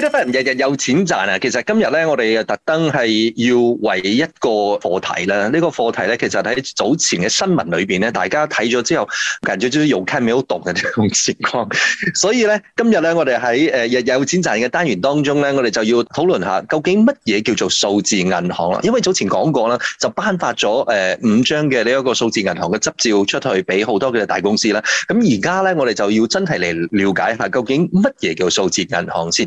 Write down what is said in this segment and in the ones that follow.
呢班人日日有錢賺啊！其實今日咧，我哋特登係要為一個課題啦。呢個課題咧，其實喺早前嘅新聞裏邊咧，大家睇咗之後，人仲要用 Kindle 讀嘅呢種情況。所以咧，今日咧，我哋喺誒日日有錢賺嘅單元當中咧，我哋就要討論一下究竟乜嘢叫做數字銀行啦。因為早前講過啦，就頒發咗誒五張嘅呢一個數字銀行嘅執照出去俾好多嘅大公司啦。咁而家咧，我哋就要真係嚟了解下究竟乜嘢叫數字銀行先。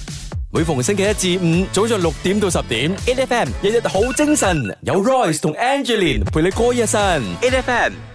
每逢星期一至五早上六點到十點，A F M 日日好精神，有 Royce 同 Angeline 陪你過一晨，A F M。